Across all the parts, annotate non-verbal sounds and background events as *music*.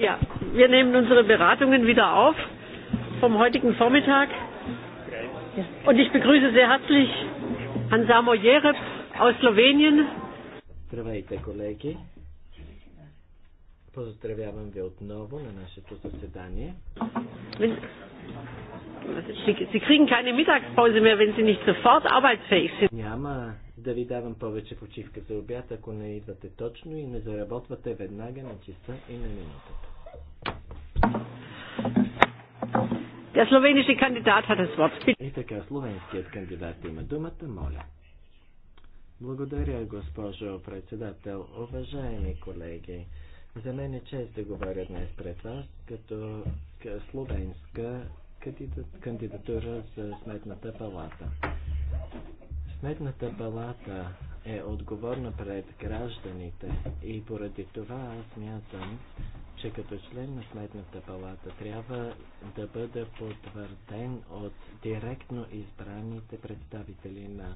Ja, wir nehmen unsere Beratungen wieder auf vom heutigen Vormittag. Und ich begrüße sehr herzlich Hansamo Jereb aus Slowenien. Здравейте, колеги! Поздравявам ви отново на нашето заседание. Sie kriegen keine Mittagspause mehr, wenn Sie nicht sofort arbeitsfähig sind. Няма да ви давам повече почивка за обяд, ако не идвате точно и не заработвате веднага на часа и на минутата. Der slowenische Kandidat hat das Wort. И така, словенският кандидат има думата, моля. Благодаря, госпожо председател. Уважаеми колеги, за мен е чест да говоря днес пред вас като словенска кандидатура за Сметната палата. Сметната палата е отговорна пред гражданите и поради това аз мятам, че като член на Сметната палата трябва да бъда потвърден от директно избраните представители на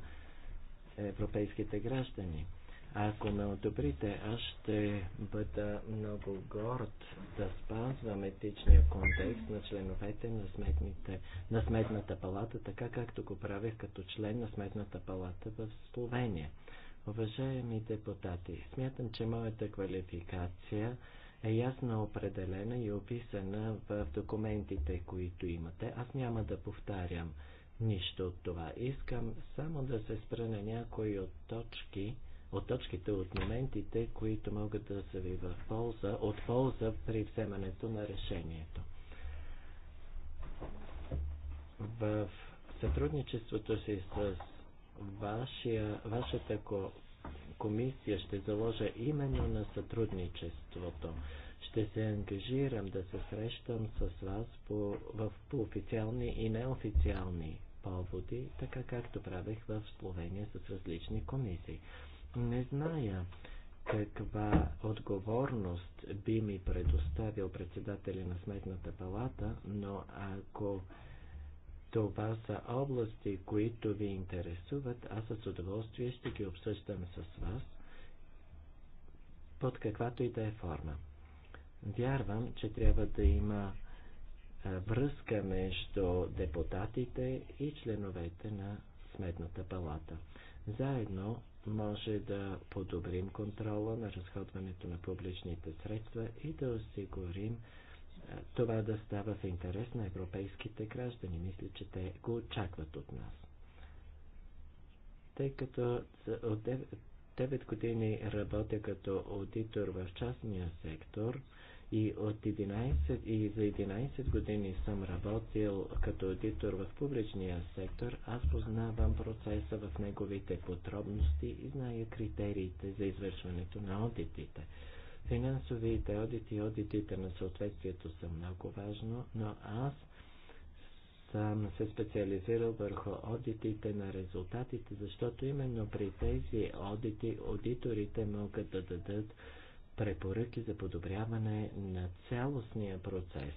европейските граждани. Ако ме одобрите, аз ще бъда много горд да спазвам етичния контекст на членовете на, сметните, на Сметната палата, така както го правих като член на Сметната палата в Словения. Уважаеми депутати, смятам, че моята квалификация е ясно определена и описана в документите, които имате. Аз няма да повтарям нищо от това. Искам само да се спра на някои от точки, от точките, от моментите, които могат да са ви в полза, от полза при вземането на решението. В сътрудничеството си с вашия, вашата комисия ще заложа именно на сътрудничеството. Ще се ангажирам да се срещам с вас по, в, по официални и неофициални поводи, така както правех в Словения с различни комисии. Не зная каква отговорност би ми предоставил председателя на Сметната палата, но ако това са области, които ви интересуват. Аз с удоволствие ще ги обсъждам с вас под каквато и да е форма. Вярвам, че трябва да има връзка между депутатите и членовете на Сметната палата. Заедно може да подобрим контрола на разходването на публичните средства и да осигурим това да става в интерес на европейските граждани. Мисля, че те го очакват от нас. Тъй като от 9 години работя като аудитор в частния сектор и, от 11, и за 11 години съм работил като аудитор в публичния сектор, аз познавам процеса в неговите подробности и зная критериите за извършването на аудитите. Финансовите одити и одитите на съответствието са много важно, но аз съм се специализирал върху одитите на резултатите, защото именно при тези одити аудиторите могат да дадат препоръки за подобряване на цялостния процес.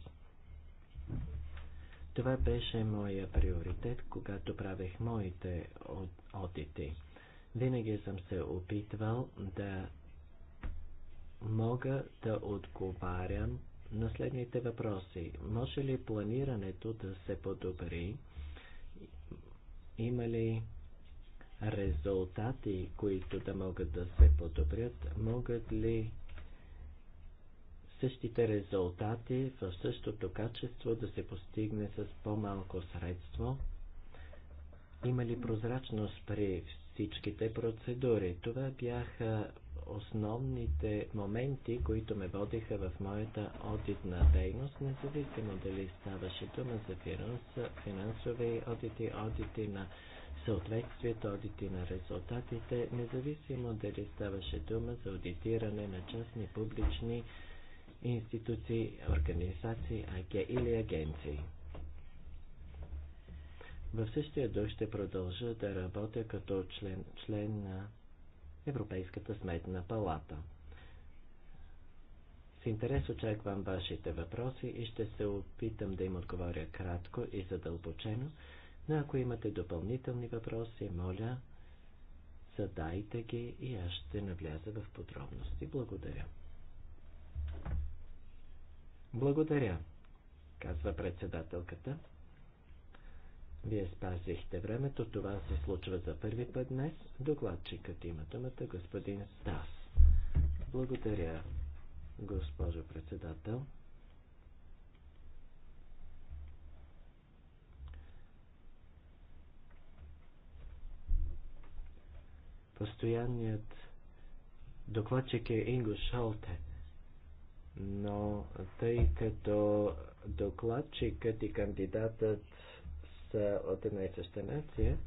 Това беше моя приоритет, когато правех моите одити. Винаги съм се опитвал да мога да отговарям на следните въпроси. Може ли планирането да се подобри? Има ли резултати, които да могат да се подобрят? Могат ли същите резултати в същото качество да се постигне с по-малко средство? Има ли прозрачност при всичките процедури? Това бяха основните моменти, които ме водиха в моята одитна дейност, независимо дали ставаше дума за финанс, финансови одити, одити на съответствието, одити на резултатите, независимо дали ставаше дума за аудитиране на частни публични институции, организации аге, или агенции. В същия дух ще продължа да работя като член, член на Европейската сметна палата. С интерес очаквам вашите въпроси и ще се опитам да им отговоря кратко и задълбочено, но ако имате допълнителни въпроси, моля, задайте ги и аз ще навляза в подробности. Благодаря. Благодаря, казва председателката. Вие спазихте времето. Това се случва за първи път днес. Докладчикът има думата господин Стас. Благодаря, госпожо председател. Постоянният докладчик е Инго Шалте, но тъй като докладчикът и кандидатът от една и съща нация,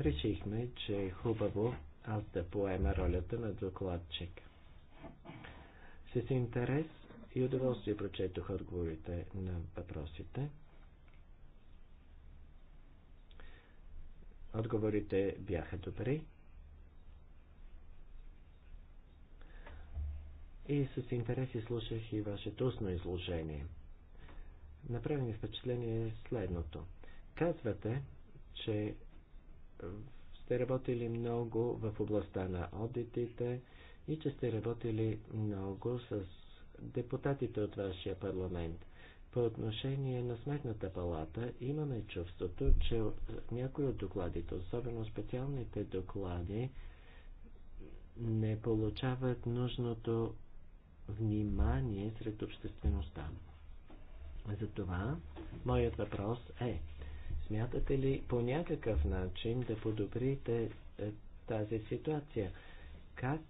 решихме, че е хубаво аз да поема ролята на докладчик. С интерес и удоволствие прочетох отговорите на въпросите. Отговорите бяха добри. И с интерес изслушах и вашето устно изложение – направи ми впечатление следното. Казвате, че сте работили много в областта на одитите и че сте работили много с депутатите от вашия парламент. По отношение на сметната палата имаме чувството, че някои от докладите, особено специалните доклади, не получават нужното внимание сред обществеността. Затова моят въпрос е, смятате ли по някакъв начин да подобрите е, тази ситуация? Как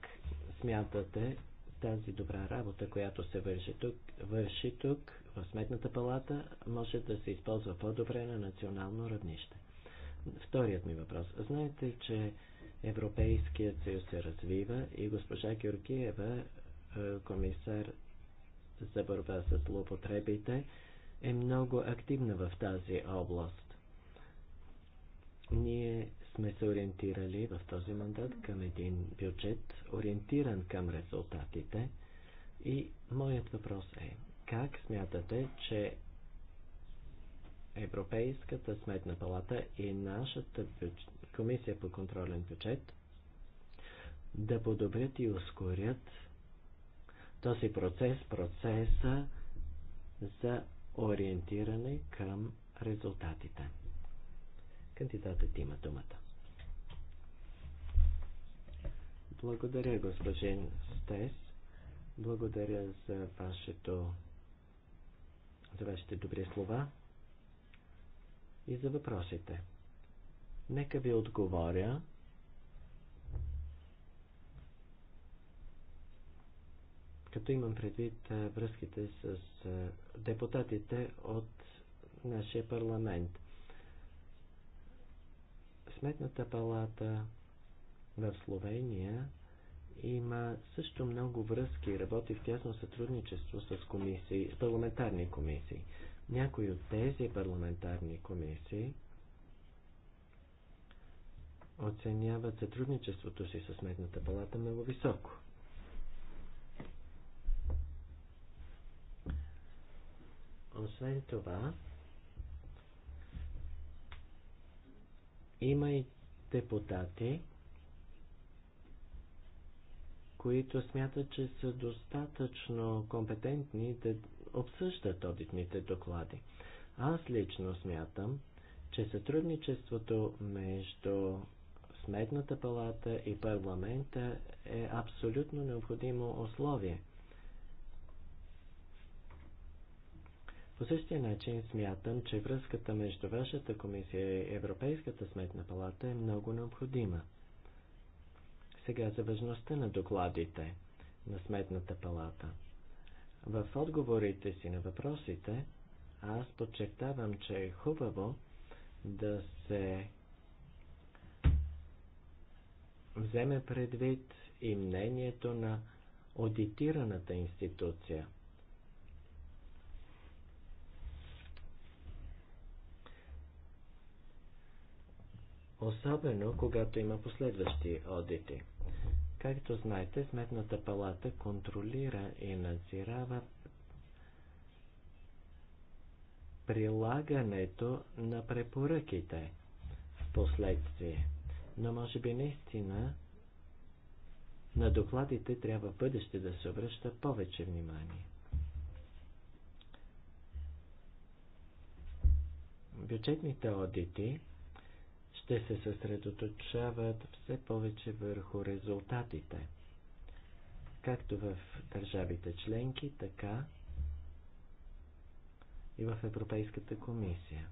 смятате тази добра работа, която се върши тук, върши тук в Сметната палата, може да се използва по-добре на национално равнище? Вторият ми въпрос. Знаете, че Европейският съюз се развива и госпожа Георгиева, е, комисар за борба с злоупотребите, е много активна в тази област. Ние сме се ориентирали в този мандат към един бюджет, ориентиран към резултатите. И моят въпрос е, как смятате, че Европейската сметна палата и нашата бюдж... комисия по контролен бюджет да подобрят и ускорят този процес, процеса за ориентиране към резултатите. Кандидатът има думата. Благодаря, господин Стес. Благодаря за вашето за вашите добри слова и за въпросите. Нека ви отговоря като имам предвид връзките с депутатите от нашия парламент. Сметната палата в Словения има също много връзки и работи в тясно сътрудничество с комисии, с парламентарни комисии. Някои от тези парламентарни комисии оценяват сътрудничеството си с Сметната палата много високо. Освен това, има и депутати, които смятат, че са достатъчно компетентни да обсъждат одитните доклади. Аз лично смятам, че сътрудничеството между Сметната палата и парламента е абсолютно необходимо условие – По същия начин смятам, че връзката между вашата комисия и Европейската сметна палата е много необходима. Сега за важността на докладите на сметната палата. В отговорите си на въпросите аз подчертавам, че е хубаво да се вземе предвид и мнението на аудитираната институция – особено когато има последващи одити. Както знаете, Сметната палата контролира и надзирава прилагането на препоръките в последствие. Но може би наистина на докладите трябва бъдеще да се обръща повече внимание. Бюджетните одити те се съсредоточават все повече върху резултатите, както в държавите членки, така и в Европейската комисия.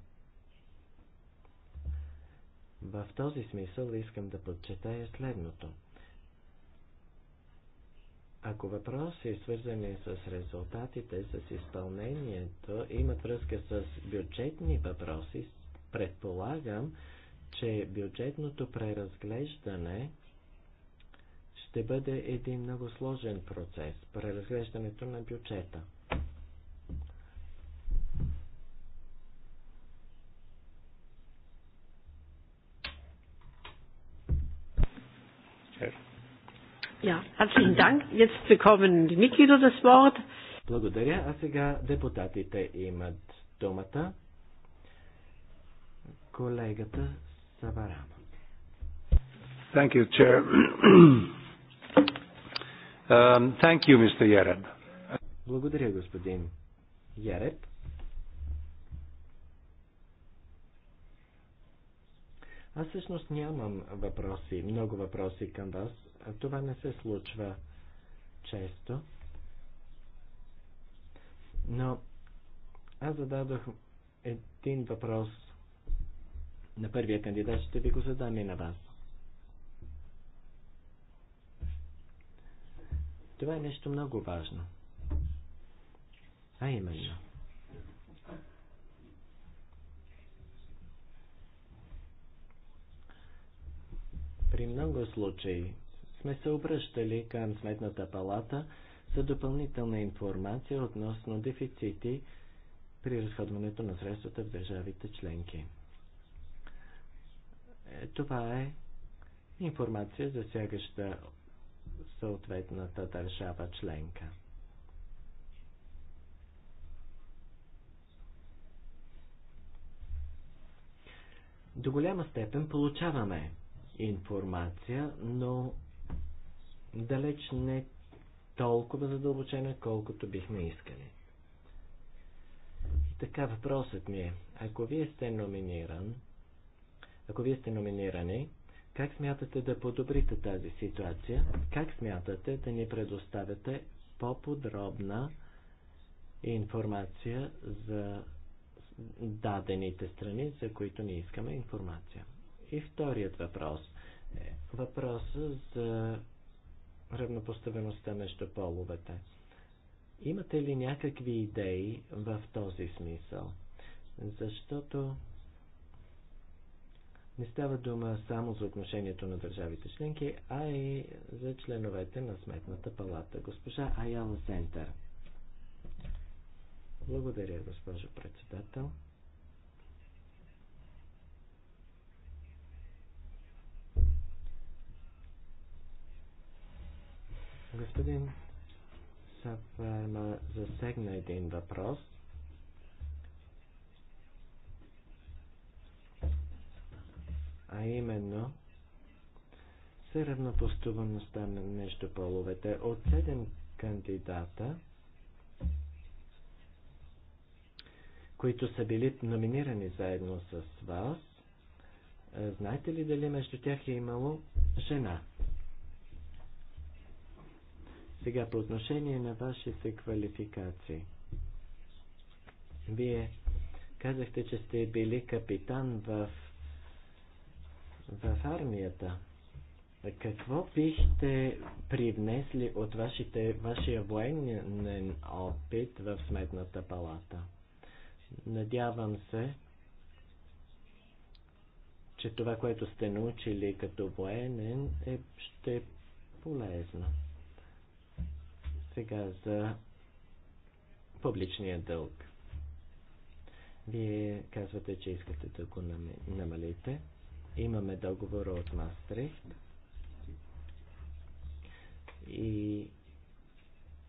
В този смисъл искам да подчетая следното. Ако въпроси, свързани с резултатите, с изпълнението, имат връзка с бюджетни въпроси, предполагам, че бюджетното преразглеждане ще бъде един много сложен процес, преразглеждането на бюджета. Ja, herzlichen Dank. Jetzt bekommen die Mitglieder das Wort. Благодаря. А сега депутатите имат думата. Колегата Thank you, Chair. *clears throat* um, thank you, Mr. Yareb. Благодаря, господин Яреб. Аз всъщност нямам въпроси, много въпроси към вас. Това не се случва често. Но аз зададох един въпрос на първия кандидат ще ви го задам и на вас. Това е нещо много важно. А именно. При много случаи сме се обръщали към Сметната палата за допълнителна информация относно дефицити при разходването на средствата в държавите членки. Това е информация, засягаща съответната държава членка. До голяма степен получаваме информация, но далеч не толкова задълбочена, колкото бихме искали. така въпросът ми е, ако вие сте номиниран ако вие сте номинирани, как смятате да подобрите тази ситуация? Как смятате да ни предоставяте по-подробна информация за дадените страни, за които ни искаме информация? И вторият въпрос е въпроса за равнопоставеността между половете. Имате ли някакви идеи в този смисъл? Защото не става дума само за отношението на държавите членки, а и за членовете на Сметната палата. Госпожа Аяла Сентър. Благодаря, госпожо председател. Господин Сафарма засегна един въпрос – а именно се равнопоставеността между половете. От 7 кандидата, които са били номинирани заедно с вас, е, знаете ли дали между тях е имало жена? Сега по отношение на вашите квалификации. Вие казахте, че сте били капитан в в армията. Какво бихте привнесли от вашите, вашия военен опит в Сметната палата? Надявам се, че това, което сте научили като военен, е, ще е полезно. Сега за публичния дълг. Вие казвате, че искате да го намалите. Имаме договора от Мастрихт и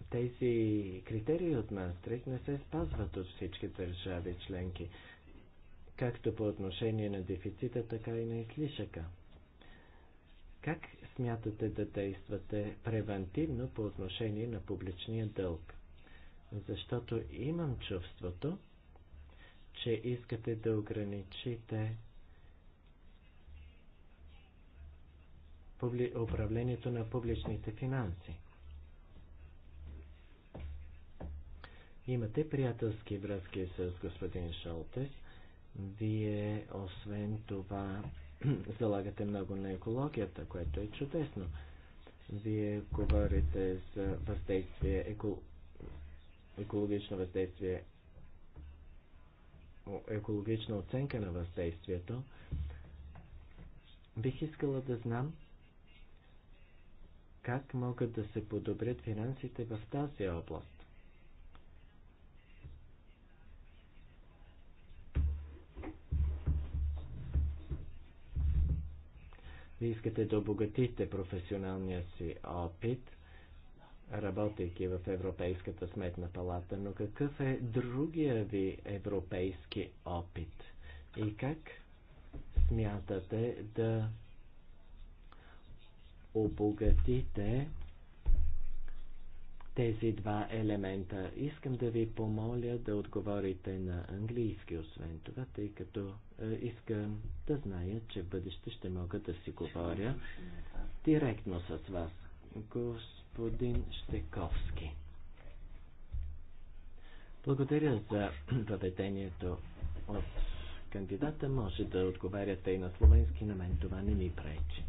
тези критерии от Мастрихт не се спазват от всички държави членки, както по отношение на дефицита, така и на излишъка. Как смятате да действате превентивно по отношение на публичния дълг? Защото имам чувството, че искате да ограничите управлението на публичните финанси. Имате приятелски връзки с господин Шолтес. Вие, освен това, *clears throat* залагате много на екологията, което е чудесно. Вие говорите за въздействие, еко... екологично въздействие, екологична оценка на въздействието. Бих искала да знам как могат да се подобрят финансите в тази област. Вие искате да обогатите професионалния си опит, работейки в Европейската сметна палата, но какъв е другия ви европейски опит и как смятате да обогатите тези два елемента. Искам да ви помоля да отговорите на английски, освен това, тъй като е, искам да зная, че в бъдеще ще мога да си говоря директно с вас. Господин Штековски. Благодаря за въведението от кандидата. Може да отговаряте и на словенски, на мен това не ми пречи.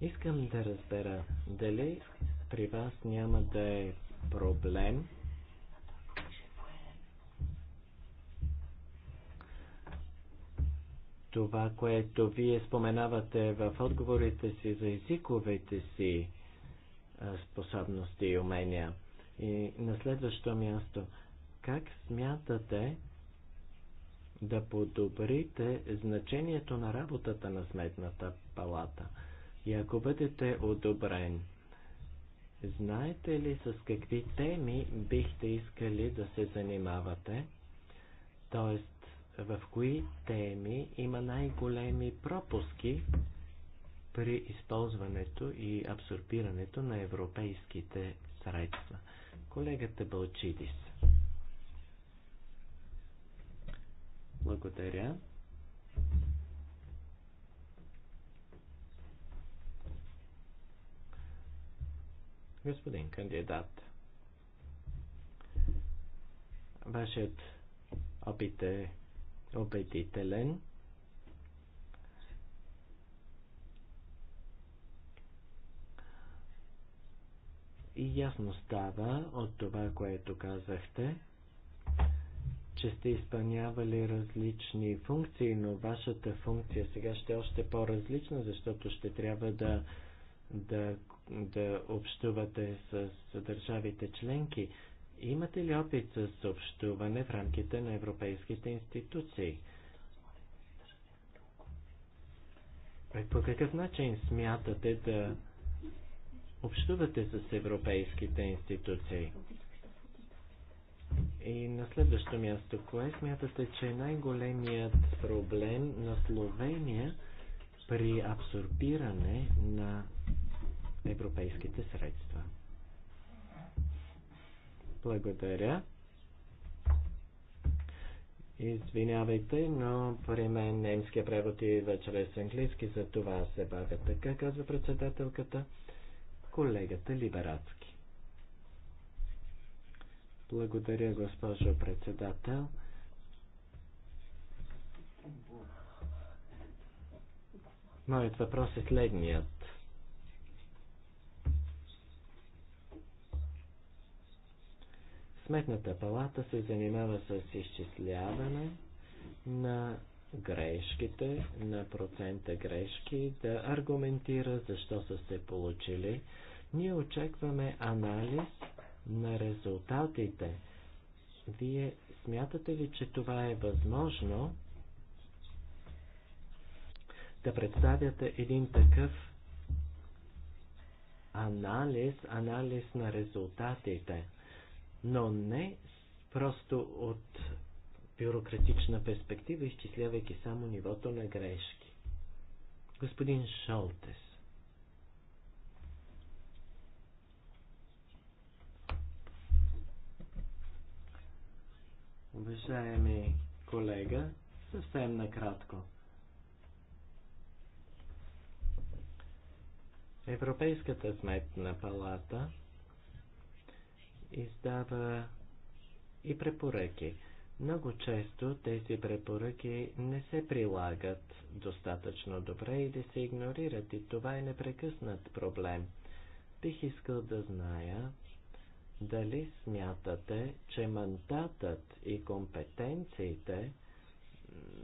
Искам да разбера дали при вас няма да е проблем това, което вие споменавате в отговорите си за езиковите си способности и умения. И на следващо място, как смятате да подобрите значението на работата на Сметната палата – и ако бъдете одобрен, знаете ли с какви теми бихте искали да се занимавате? Тоест, в кои теми има най-големи пропуски при използването и абсорбирането на европейските средства? Колегата Балчидис. Благодаря. Господин кандидат, вашият опит е убедителен. И ясно става от това, което казахте, че сте изпълнявали различни функции, но вашата функция сега ще е още по-различна, защото ще трябва да, да да общувате с държавите членки. Имате ли опит с общуване в рамките на европейските институции? Е, по какъв начин смятате да общувате с европейските институции? И на следващо място, кое смятате, че е най-големият проблем на Словения при абсорбиране на европейските средства. Благодаря. Извинявайте, но при мен немския превод и вече чрез английски, за това се бавя така, казва председателката, колегата Либерацки. Благодаря, госпожо председател. Моят въпрос е следният. Сметната палата се занимава с изчисляване на грешките, на процента грешки, да аргументира защо са се получили. Ние очакваме анализ на резултатите. Вие смятате ли, че това е възможно да представяте един такъв анализ, анализ на резултатите? но не просто от бюрократична перспектива, изчислявайки само нивото на грешки. Господин Шолтес. Уважаеми колега, съвсем накратко. Европейската сметна палата – издава и препоръки. Много често тези препоръки не се прилагат достатъчно добре или се игнорират и това е непрекъснат проблем. Бих искал да зная дали смятате, че мандатът и компетенциите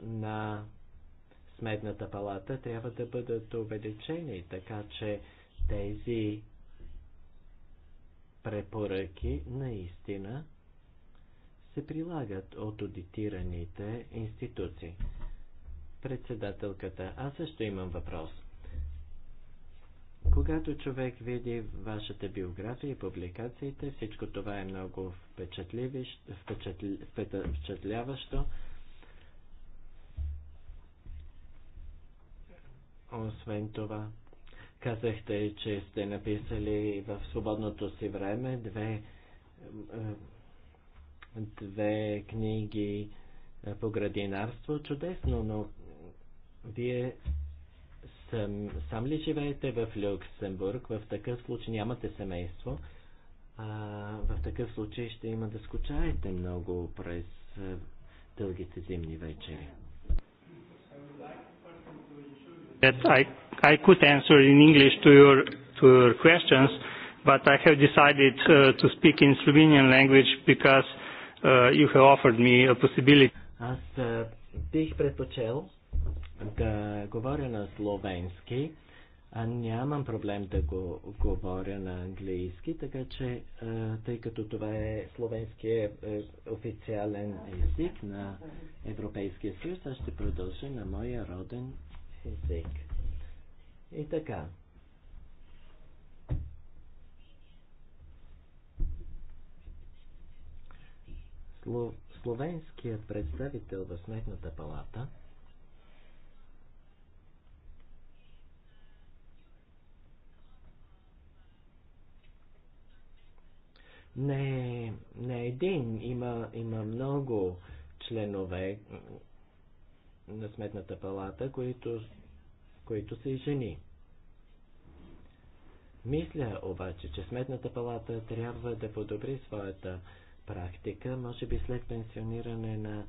на Сметната палата трябва да бъдат увеличени, така че тези препоръки наистина се прилагат от аудитираните институции. Председателката, аз също имам въпрос. Когато човек види вашата биография и публикациите, всичко това е много впечатляващо. Освен това, Казахте, че сте написали в свободното си време две, е, е, две книги е, по градинарство. Чудесно, но вие сам, сам ли живеете в Люксембург? В такъв случай нямате семейство. А, в такъв случай ще има да скучаете много през дългите зимни вечери that I, I could answer in English to your, to your questions, but I have decided uh, to speak in Slovenian language because uh, you have offered me a possibility. Аз uh, бих предпочел да говоря на словенски, а нямам проблем да го говоря на английски, така че, тъй като това е словенски е, е, официален език на Европейския съюз, аз ще продължа на моя роден език. И така. Словенският представител в Сметната палата не, е, не е един, има, има много членове на Сметната палата, които, които са и жени. Мисля обаче, че Сметната палата трябва да подобри своята практика, може би след пенсиониране на,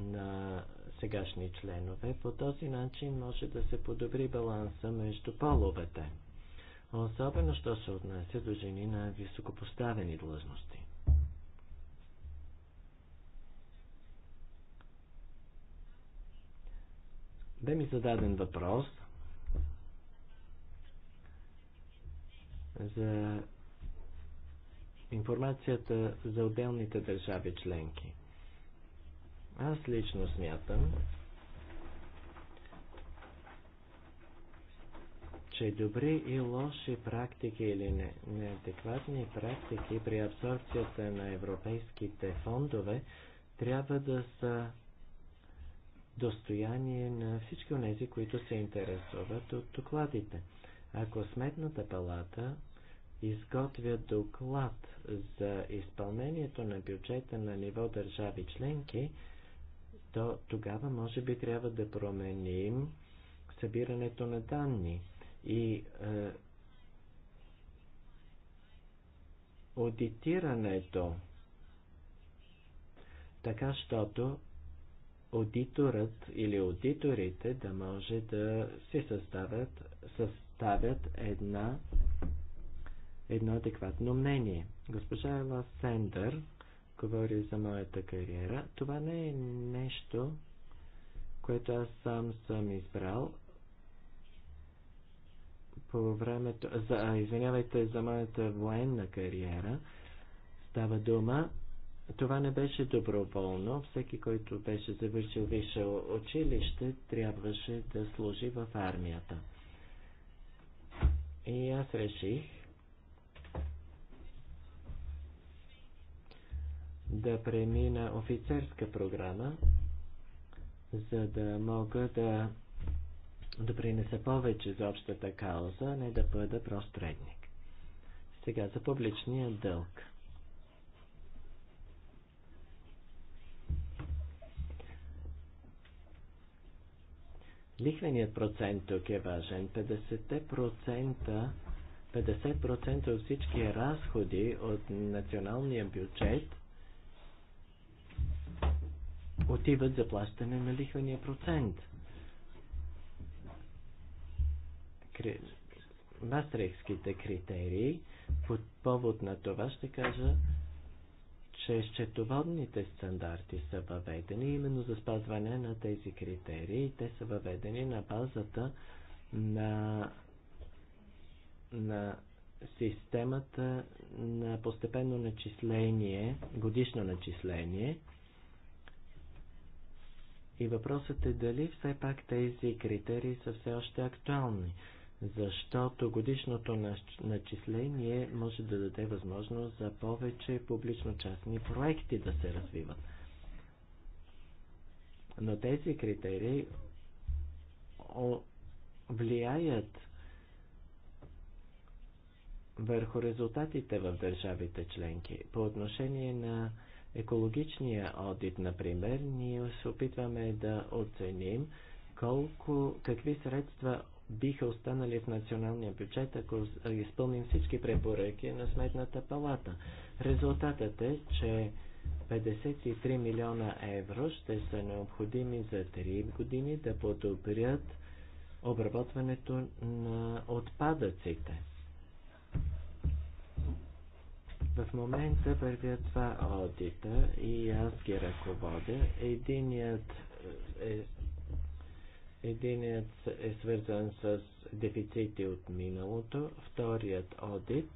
на сегашни членове. По този начин може да се подобри баланса между половете. Особено, що се отнася до жени на високопоставени длъжности. бе ми зададен въпрос за информацията за отделните държави членки. Аз лично смятам, че добри и лоши практики или не, неадекватни практики при абсорбцията на европейските фондове трябва да са достояние на всички от тези, които се интересуват от докладите. Ако Сметната палата изготвя доклад за изпълнението на бюджета на ниво държави членки, то тогава може би трябва да променим събирането на данни и е, аудитирането, така щото аудиторът или аудиторите да може да си съставят, съставят една, едно адекватно мнение. Госпожа Ела Сендър говори за моята кариера. Това не е нещо, което аз сам съм избрал. По времето, за, извинявайте за моята военна кариера, става дума това не беше доброволно. Всеки, който беше завършил висше училище, трябваше да служи в армията. И аз реших да премина офицерска програма, за да мога да допринеса повече за общата кауза, не да бъда прост Сега за публичния дълг. Лихвеният процент тук е важен. 50%, 50% от всички разходи от националния бюджет отиват за плащане на лихвения процент. Мастрехските критерии по повод на това ще кажа че счетоводните стандарти са въведени именно за спазване на тези критерии. Те са въведени на базата на, на системата на постепенно начисление, годишно начисление. И въпросът е дали все пак тези критерии са все още актуални защото годишното начисление може да даде възможност за повече публично-частни проекти да се развиват. Но тези критерии влияят върху резултатите в държавите членки. По отношение на екологичния одит, например, ние се опитваме да оценим колко, какви средства биха останали в националния бюджет, ако изпълним всички препоръки на Сметната палата. Резултатът е, че 53 милиона евро ще са необходими за 3 години да подобрят обработването на отпадъците. В момента вървят два аудита и аз ги ръководя. Единият е Единият е свързан с дефицити от миналото, вторият одит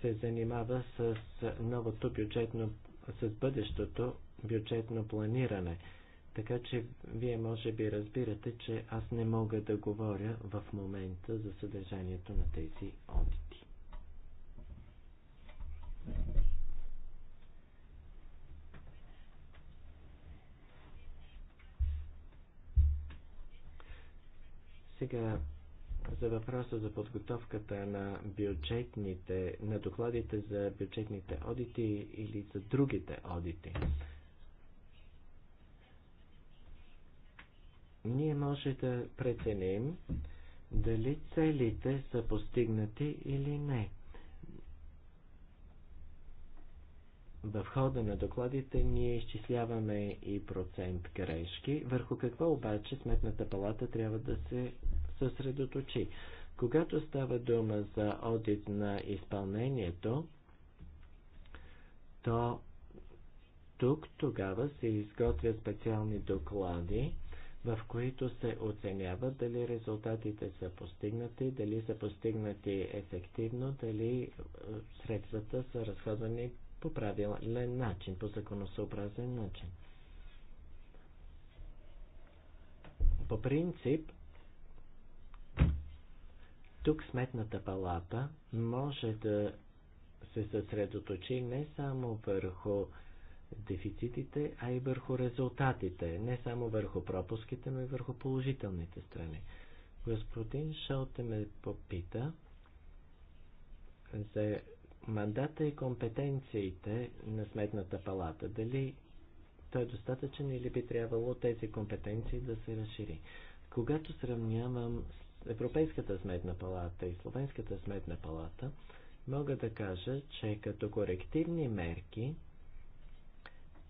се занимава с новото бюджетно, с бъдещото бюджетно планиране. Така че вие може би разбирате, че аз не мога да говоря в момента за съдържанието на тези одити. Сега за въпроса за подготовката на бюджетните, на докладите за бюджетните одити или за другите одити. Ние може да преценим дали целите са постигнати или не. в хода на докладите ние изчисляваме и процент грешки, върху какво обаче Сметната палата трябва да се съсредоточи. Когато става дума за одит на изпълнението, то тук тогава се изготвят специални доклади, в които се оценява дали резултатите са постигнати, дали са постигнати ефективно, дали е, средствата са разходвани по правилен начин, по законосъобразен начин. По принцип, тук сметната палата може да се съсредоточи не само върху дефицитите, а и върху резултатите, не само върху пропуските, но и върху положителните страни. Господин Шалте ме попита за мандата и компетенциите на Сметната палата. Дали той е достатъчен или би трябвало тези компетенции да се разшири. Когато сравнявам Европейската сметна палата и Словенската сметна палата, мога да кажа, че като корективни мерки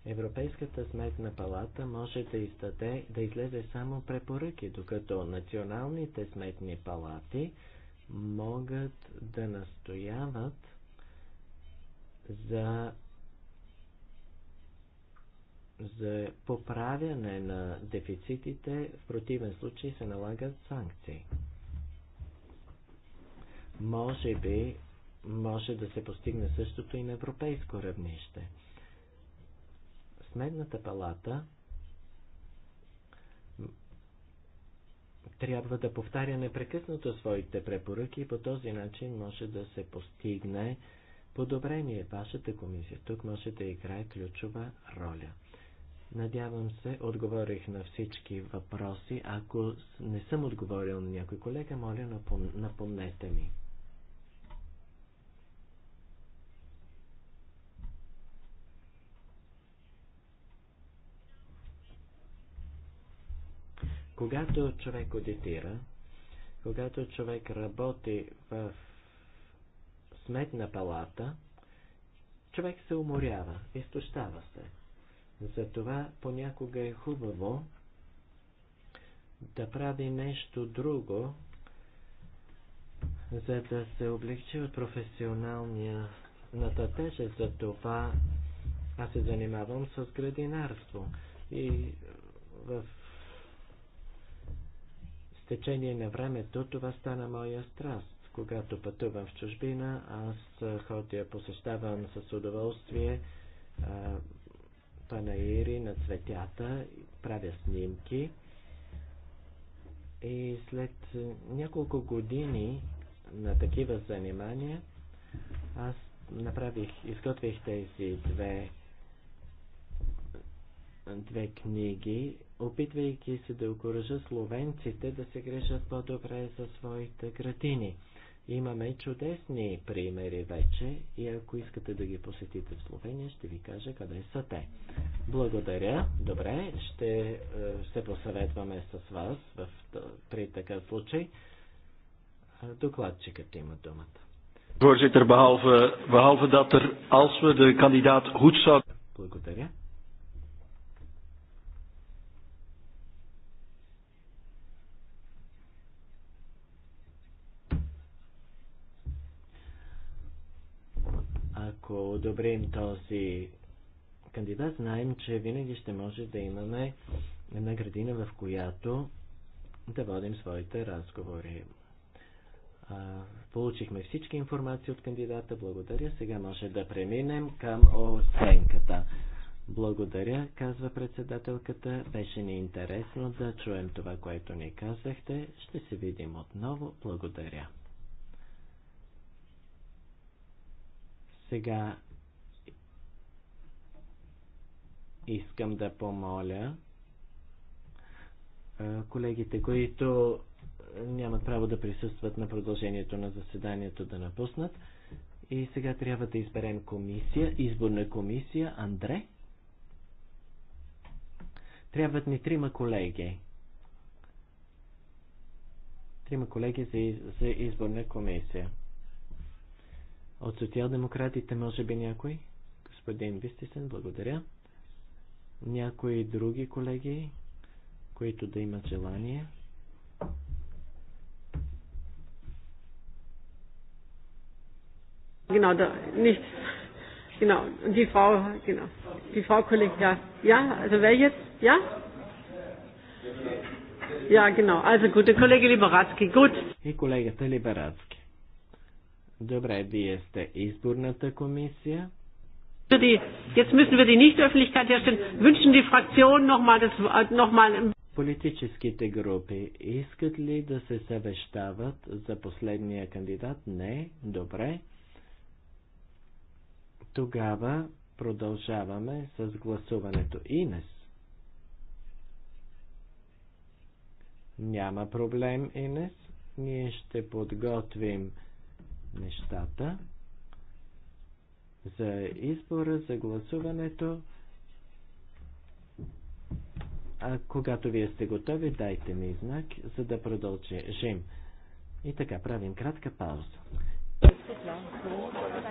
Европейската сметна палата може да, издаде, да излезе само препоръки, докато националните сметни палати могат да настояват за, за поправяне на дефицитите, в противен случай се налагат санкции. Може би може да се постигне същото и на европейско равнище. Сметната палата трябва да повтаря непрекъснато своите препоръки и по този начин може да се постигне подобрение. Вашата комисия тук може да играе ключова роля. Надявам се, отговорих на всички въпроси. Ако не съм отговорил на някой колега, моля, напом... напомнете ми. Когато човек аудитира, когато човек работи в сметна палата, човек се уморява, изтощава се. Затова понякога е хубаво да прави нещо друго, за да се облегчи от професионалния нататежа. За това аз се занимавам с градинарство. И в течение на времето това стана моя страст. Когато пътувам в чужбина, аз ходя, посещавам с удоволствие а, панаири на цветята, правя снимки. И след няколко години на такива занимания, аз направих, изготвих тези две, две книги, опитвайки се да окоръжа словенците да се грежат по-добре за своите градини. Имаме чудесни примери вече и ако искате да ги посетите в Словения, ще ви кажа къде са те. Благодаря. Добре, ще е, се посъветваме с вас в, при такъв случай. Е, докладчикът има думата. Voorzitter, behalve, behalve dat er, als we de kandidaat goed zouden... Благодаря. ако одобрим този кандидат, знаем, че винаги ще може да имаме една градина, в която да водим своите разговори. А, получихме всички информации от кандидата. Благодаря. Сега може да преминем към оценката. Благодаря, казва председателката. Беше ни интересно да чуем това, което ни казахте. Ще се видим отново. Благодаря. Сега искам да помоля колегите, които нямат право да присъстват на продължението на заседанието да напуснат. И сега трябва да изберем комисия, изборна комисия, Андре. Трябват ни трима колеги. Трима колеги за, за изборна комисия. От социал-демократите може би някой? Господин Бистисен, благодаря. Някои други колеги, които да имат желание? Genau, da, nichts. Genau, die Frau, genau. Die Frau Kollegin, ja. Ja, also wer jetzt? Ja? Ja, genau. Also gut, der Kollege Liberatski, gut. Die Kollegin Liberatski. Добре, вие сте изборната комисия. Jetzt müssen wir die Nichtöffentlichkeit herstellen. Wünschen die Fraktionen nochmal das nochmal. Политическите групи искат ли да се съвещават за последния кандидат? Не. Добре. Тогава продължаваме с гласуването. Инес. Няма проблем, Инес. Ние ще подготвим нещата, за избора, за гласуването. А когато вие сте готови, дайте ми знак, за да продължим. И така правим кратка пауза.